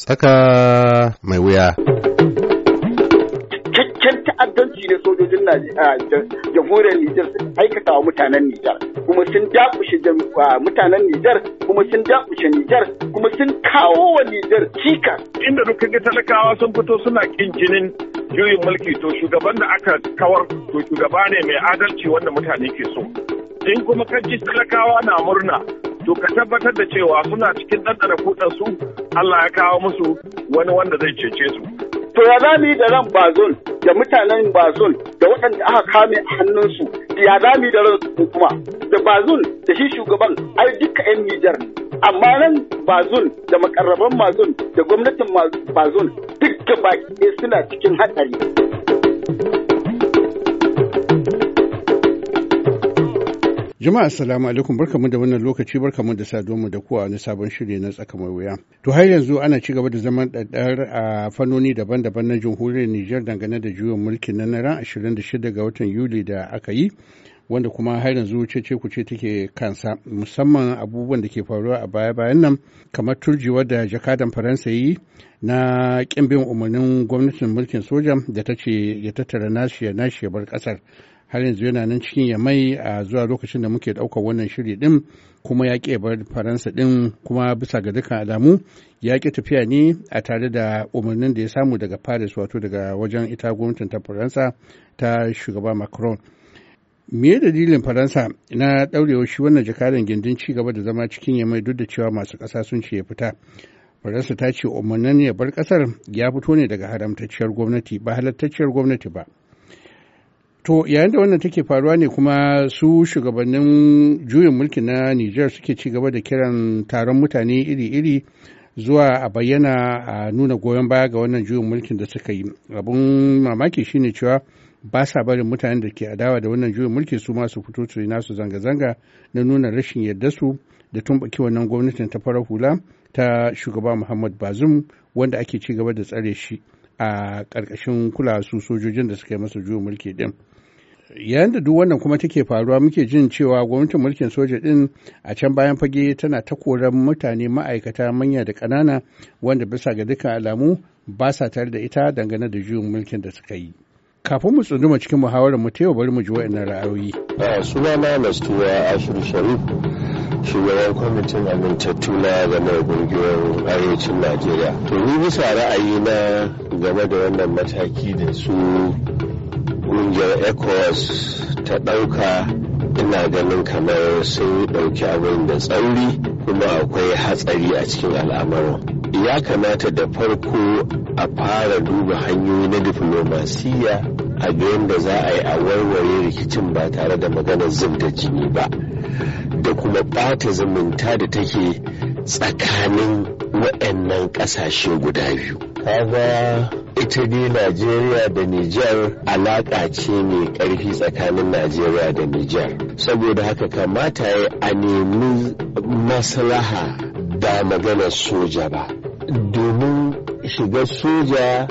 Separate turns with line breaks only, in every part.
Saka mai wuya.
Cikakken ta'addanci ne sojojin ah, jamhuriyar Nijar sun aikata wa mutanen Nijar, kuma sun dakushe ah, mutanen Nijar, kuma sun dakushe Nijar, kuma sun kawo wa Nijar
cika. Inda dukkan talakawa sun fito suna kin jinin juyin mulki to shugaban da aka kawar to shugaba ne mai adalci wanda mutane ke so. In kuma kan ji talakawa na murna to ka tabbatar da cewa suna cikin ɗanɗana kuɗansu Allah ya kawo musu wani wanda zai cece su. To ya za mu yi da ran bazol da mutanen bazol
da waɗanda aka kame a hannunsu ya za mu yi da ran kuma da bazol da shi shugaban ai duka 'yan Nijar amma nan bazul da makarraban mazun da gwamnatin bazul duk gaba suna cikin hatsari.
Jama'a assalamu alaikum barkamu da wannan lokaci barkamu da saduwa da kowa wani sabon shiri na tsaka mai wuya. To har yanzu ana ci gaba da zaman ɗaɗɗar a fannoni daban-daban na jamhuriyar Nijar dangane da juyin mulki na ran 26 ga watan Yuli da aka yi wanda kuma har yanzu cece kuce take kansa musamman abubuwan da ke faruwa a baya-bayan nan kamar turjewa da jakadan Faransa yi na ƙin bin umarnin gwamnatin mulkin soja da ta ce ya tattara ya nashi ya bar kasar. har yanzu yana nan cikin ya mai a zuwa lokacin da muke ɗaukar wannan shiri ɗin kuma ya ƙi bar faransa ɗin kuma bisa ga dukkan alamu ya ƙi tafiya ne a tare da umarnin da ya samu daga paris wato daga wajen ita gwamnatin ta faransa ta shugaba macron me dalilin faransa na daurewa shi wannan jakadan gindin ci gaba da zama cikin ya mai duk da cewa masu ƙasa sun ce ya fita faransa ta ce umarnin ya bar ƙasar ya fito ne daga haramtacciyar gwamnati ba halattacciyar gwamnati ba To yayin da wannan take faruwa ne kuma su shugabannin juyin mulki na Nijar suke ci gaba da kiran taron mutane iri-iri zuwa a bayyana a nuna goyon baya ga wannan juyin mulkin da suka yi. Abun mamaki shine cewa ba sa barin mutanen da ke adawa da wannan juyin mulki su masu fito su yi nasu zanga-zanga na nuna rashin yarda su da tumbaki wannan gwamnatin ta farar hula ta shugaba Muhammad Bazum wanda ake ci gaba da tsare shi a ƙarƙashin kulawa su sojojin da suka yi masa juyin mulki din. yayin da duk wannan kuma take faruwa muke jin cewa gwamnatin mulkin soja din a can bayan fage tana ta koran mutane ma'aikata manya da ƙanana wanda bisa ga dukkan alamu ba sa tare da ita dangane da juyin mulkin da suka yi kafin mu tsunduma cikin muhawarar mu ta yau bari mu ji wa'annan ra'ayoyi
sunana nastuwa ashiru sharif shugaban kwamitin amintattu na game da gungiyar arewacin najeriya to ni bisa ra'ayi na game da wannan mataki da su ƙungiyar ecowas ta ɗauka ina ganin kamar sun ɗauki abin da tsauri kuma akwai hatsari a cikin al'amarin ya kamata da farko a fara duba hanyoyi na diflomasiyya a biyan da za a yi a warware rikicin ba tare da maganar zub da jini ba da kuma ɓata zumunta da take tsakanin waɗannan ƙasashe guda biyu ita dai Najeriya da Nijar alaƙa ce mai ƙarfi tsakanin Najeriya da Nijar. Saboda haka kamata ya a nemi maslaha da maganar soja ba. Domin shiga soja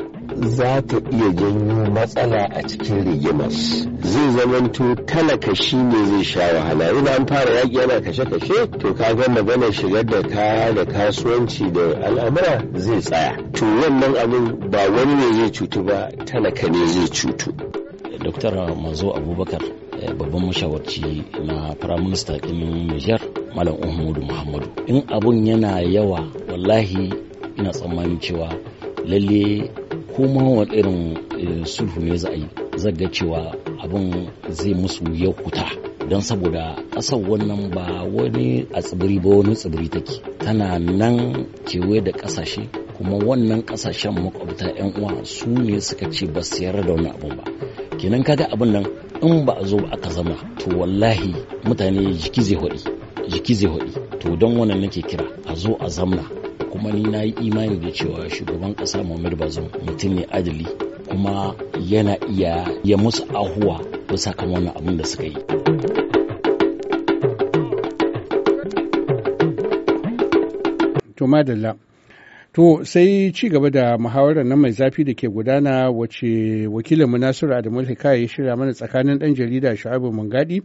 za ta iya janyo matsala a cikin rigimar zai zamanto talaka shi ne zai sha wahala ina an fara yaƙi yana kashe-kashe to ka ga magana shigar da kaya da kasuwanci da al'amura zai tsaya to wannan abin ba wani ne zai cutu ba talaka ne zai cutu
Dr. Mazo Abubakar eh, babban mashawarci na firaminista ɗin Nijar Malam umudu Muhammadu. In abun yana yawa wallahi ina tsammanin cewa lalle koma wa irin eh, sulhu ne za a yi zaga cewa abin zai musu ya kuta don saboda ƙasar wannan ba wani a tsibiri ba wani tsibiri take tana nan kewaye da ƙasashe kuma wannan ƙasashen makwabta 'yan uwa su ne suka ce ba su yarda da wani abin ba kenan kaga abin nan in ba a zo ba aka zama to wallahi mutane jiki zai hudi jiki zai hudi to don wannan nake kira a zo a zamna kuma ni na yi imani da cewa shugaban ƙasa Muhammadu Bazoum mutum ne adali kuma yana iya ya musu ahuwa bisa kan wannan abin da suka yi.
To madalla. sai ci gaba da muhawarar na mai zafi da ke gudana wace wakilinmu Nasiru Adamu Hikaya ya shirya mana tsakanin dan jarida shu'abu Mungadi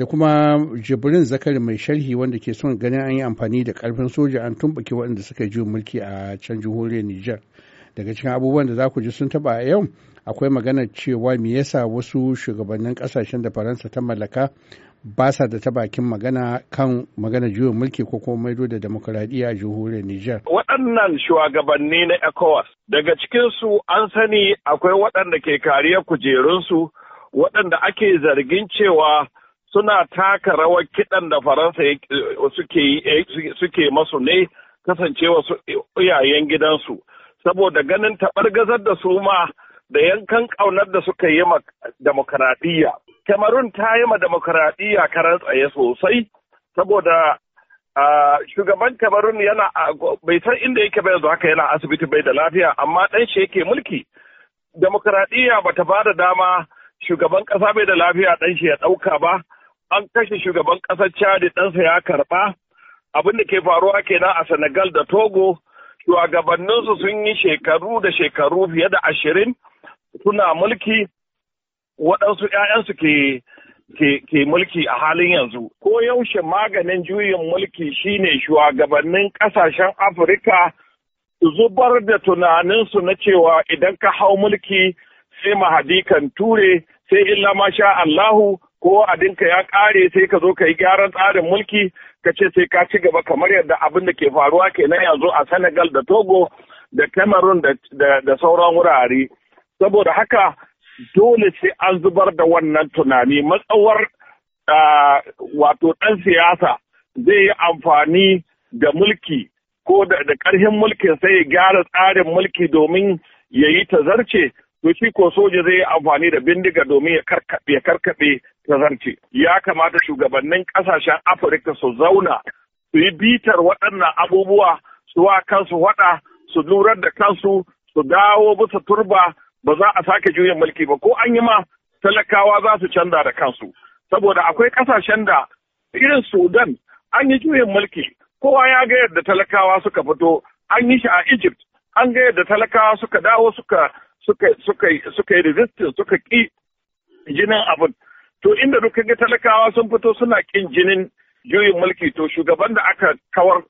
da kuma jibrin zakari mai sharhi wanda ke son ganin an yi amfani da karfin soja an tumbuki waɗanda suka ji mulki a can jihohiyar Nijar. Daga cikin abubuwan da za ku ji sun taba a yau akwai magana cewa me yasa wasu shugabannin ƙasashen da Faransa ta mallaka ba sa da ta bakin magana kan magana juyin mulki ko kuma maido da demokuraɗiyya a jihohiyar Nijar.
Waɗannan shugabanni na ECOWAS daga cikinsu an sani akwai waɗanda ke kariyar kujerunsu waɗanda ake zargin cewa suna taka rawar kiɗan da faransa eh, suke masu ne kasancewa su iyayen gidansu saboda ganin taɓargazar da su ma da yankan ƙaunar da suka yi ma demokaradiyya kamarun ta yi ma demokaradiyya karan tsaye sosai saboda shugaban kamarun yana bai san inda yake bai yanzu haka yana asibiti bai da lafiya amma ɗan shi yake mulki demokaradiyya ta ba da dama shugaban ƙasa bai da lafiya ɗan shi ya ɗauka ba an kashe shugaban ƙasar Chad ɗansa ya karɓa abin da ke faruwa kenan a Senegal da Togo shugabanninsu sun yi shekaru da shekaru fiye da ashirin suna mulki waɗansu 'ya'yansu ke ke, mulki a halin yanzu. Ko yaushe maganin juyin mulki shine shugabannin ƙasashen Afirka zubar da tunaninsu na cewa idan ka hau mulki sai mahadikan ture sai illa masha Allahu ko abinka ya kare sai ka zo ka yi gyaran tsarin mulki ka ce sai ka ci gaba kamar yadda abin da ke faruwa kenan yanzu a Senegal da Togo da Cameroon da sauran wurare. Saboda haka dole sai an zubar da wannan tunani matsawar wato ɗan siyasa zai yi amfani da mulki ko da ƙarfin mulkin sai ya gyara tsarin mulki domin ya yi zarce. to shi ko soja zai yi amfani da bindiga domin ya karkaɓe ta ya kamata shugabannin kasashen afirka su zauna su yi bitar waɗannan abubuwa su wa kansu waɗa su nurar da kansu su dawo bisa turba ba za a sake juyin mulki ba ko an yi ma talakawa za su canza da kansu saboda akwai kasashen da irin sudan an yi juyin mulki kowa ya ga yadda talakawa suka fito an yi shi a egypt an ga yadda talakawa suka dawo suka suka suka suka yi resistance suka ki jinin abin To inda duk ga talakawa sun fito suna kin jinin juyin mulki to shugaban da aka kawar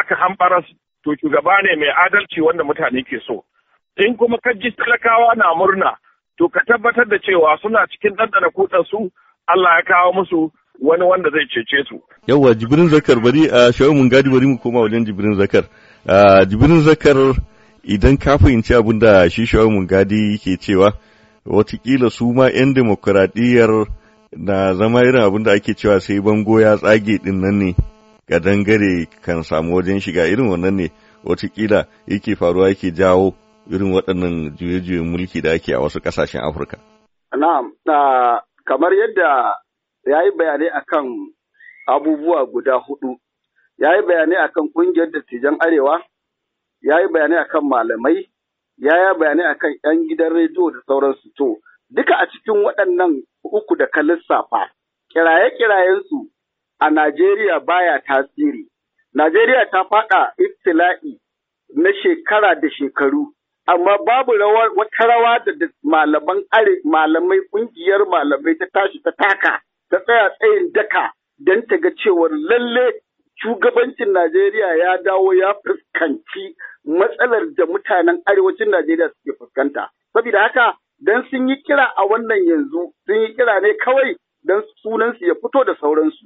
aka hambaras to shugaba ne mai adalci wanda mutane ke so. In kuma ka ji talakawa na murna to ka tabbatar da cewa suna cikin ɗanɗana kuɗansu Allah ya kawo musu wani wanda zai cece su. Yawwa Jibrin Zakar bari a shawo mun gadi bari mu koma wajen Jibrin Zakar. Jibrin Zakar idan ka fahimci abin da shi shawo mun gadi yake cewa watakila su ma 'yan demokuraɗiyyar na zama irin abin da ake cewa sai bango ya tsage ɗin nan ne ga dangare kan samu wajen shiga irin wannan ne watakila yake faruwa yake jawo irin waɗannan juye-juyen mulki da ake a wasu ƙasashen afirka
na'am kamar yadda ya yi bayanai akan abubuwa guda hudu ya yi bayanai akan ƙungiyar dattijan arewa ya yi bayanai akan malamai ya bayanai kan 'yan gidan rediyo da sauransu to duka a cikin waɗannan uku da ka lissafa kiraye-kirayensu a Najeriya baya tasiri. Najeriya ta faɗa iftila'i na shekara da shekaru, amma babu wata rawa da malaman are malamai ƙungiyar malamai ta tashi ta taka ta tsaya tsayin daka don ta ga cewar lalle shugabancin Najeriya ya dawo ya fuskanci matsalar da mutanen arewacin Najeriya suke fuskanta. Saboda haka dan sun yi kira a wannan yanzu sun yi kira ne kawai dan sunansu ya fito da sauransu.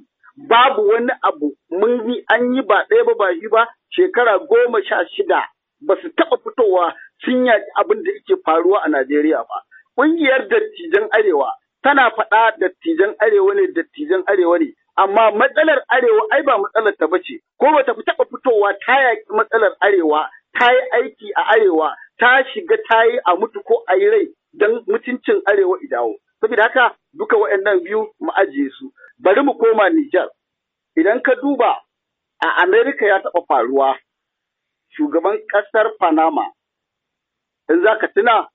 Babu wani abu mun yi an yi ba ɗaya ba ba shi ba shekara goma sha shida ba su taɓa fitowa sun yaƙi abin da yake faruwa a Najeriya ba. Ƙungiyar dattijan Arewa tana faɗa dattijan Arewa ne dattijan Arewa ne amma matsalar Arewa ai ba matsalar ta bace ko ba bata taɓa fitowa ta yaƙi matsalar Arewa ta yi aiki a arewa ta shiga ta yi a mutu ko a yi rai don mutuncin arewa idawo saboda haka duka waɗannan biyu mu ajiye su bari mu koma Nijar idan ka duba a Amerika ya taɓa faruwa shugaban ƙasar Panama in za ka tuna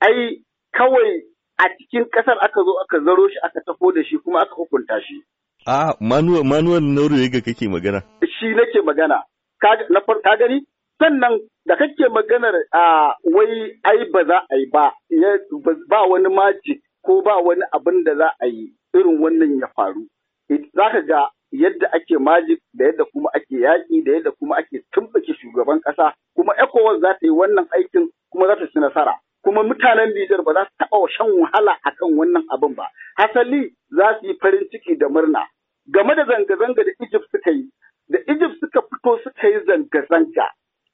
ai kawai a cikin ƙasar aka zo aka zaro shi aka tafo da shi kuma aka hukunta shi.
Ah, manuwar Norway ga
kake magana.
Shi nake magana. Ka gani sannan da kake maganar a wai ai ba za a yi ba ba wani maji ko ba wani abin da za a yi irin wannan ya faru za ka ga yadda ake majik da yadda kuma ake yaƙi da yadda kuma ake tumɓuke shugaban ƙasa kuma ECOWAS za ta yi wannan aikin kuma za ta ci nasara kuma mutanen Nijar ba za su taɓa shan wahala a kan wannan abin ba hasali za su yi farin ciki da murna game da zanga-zanga da Egypt suka yi da Egypt suka fito suka yi zanga-zanga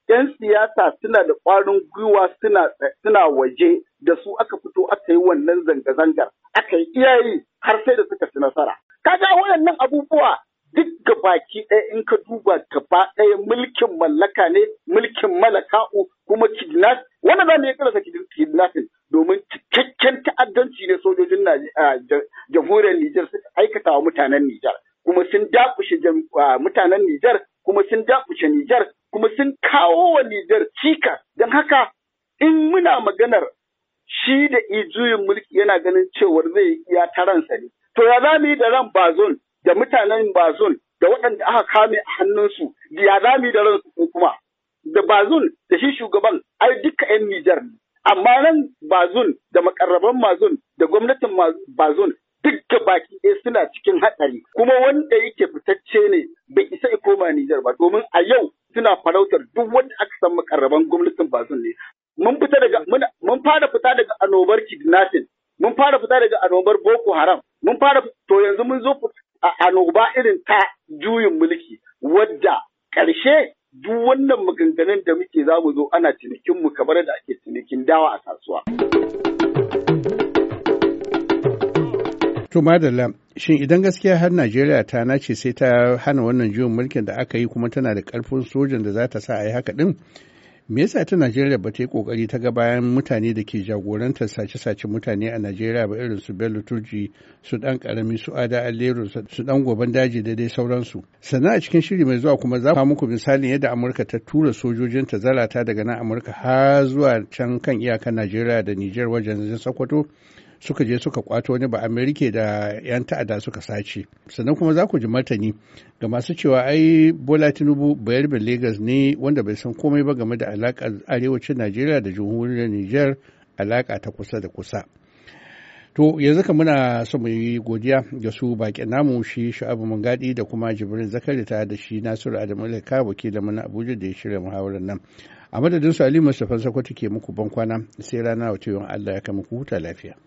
'yan siyasa suna da ƙwarin gwiwa suna waje da su aka fito aka yi wannan zanga-zangar aka yi iyayi har sai da suka ci nasara. Kaga waɗannan abubuwa duk ga baki ɗaya in ka duba gaba ɗaya mulkin mallaka ne mulkin malaka'u kuma kidnap wanda za mu yi ƙarasa kidnapping domin cikakken ta'addanci ne sojojin jamhuriyar Nijar suka aikata wa mutanen Nijar kuma sun dakushe mutanen Nijar kuma sun dakushe Nijar kuma sun kawo wa Nijar cika don haka in muna maganar shi da ijuyin mulki yana ganin cewar zai iya ta ne. To ya za mu yi da ran bazon da mutanen bazon da waɗanda aka kame a hannunsu ya za mu yi da ransu su kuma. Da bazon da shi shugaban ai duka 'yan Nijar ne. Amma ran bazon da makarraban mazon da gwamnatin bazon duk da baki ɗaya suna cikin hatsari kuma wanda yake fitacce ne bai isa ya koma Nijar ba domin a yau suna farautar duk wanda aka san makarraban gwamnatin bazin ne mun fita daga mun fara fita daga annobar kidnapping mun fara fita daga annobar boko haram mun fara to yanzu mun zo a annoba irin ta juyin mulki wadda ƙarshe duk wannan maganganun da muke za mu zo ana cinikin mu kamar da ake cinikin dawa a kasuwa.
To madalla, shin idan gaskiya har Najeriya ta nace sai ta hana wannan juyin mulkin da aka yi kuma tana da karfin sojan da za ta sa a yi haka din? Me yasa ta Najeriya ba ta yi kokari ta ga bayan mutane da ke jagorantar sace-sace mutane a Najeriya ba irin su Bello Turji, su dan karami su Ada Alero, su dan goban daji da dai sauransu. Sannan a cikin shiri mai zuwa kuma za ku muku misalin yadda Amurka ta tura sojojin ta zarata daga nan Amurka har zuwa can kan iyakan Najeriya da niger wajen Sokoto. suka je suka kwato wani ba amerika da 'yan ta'adda suka sace sannan kuma za ku ji martani ga masu cewa ai bola tinubu bayarbin lagos ne wanda bai san komai ba game da alaƙar arewacin najeriya da jamhuriyar niger alaƙa ta kusa da kusa To yanzu ka muna so mu yi godiya ga su baƙin namu shi sha'abu mungadi da kuma jibrin zakari ta da shi nasiru adamu ilka da muna abuja da ya shirya muhawarar nan a madadin su ali mustapha sakwato ke muku ban kwana sai rana wata yawan allah ya kama ku huta lafiya.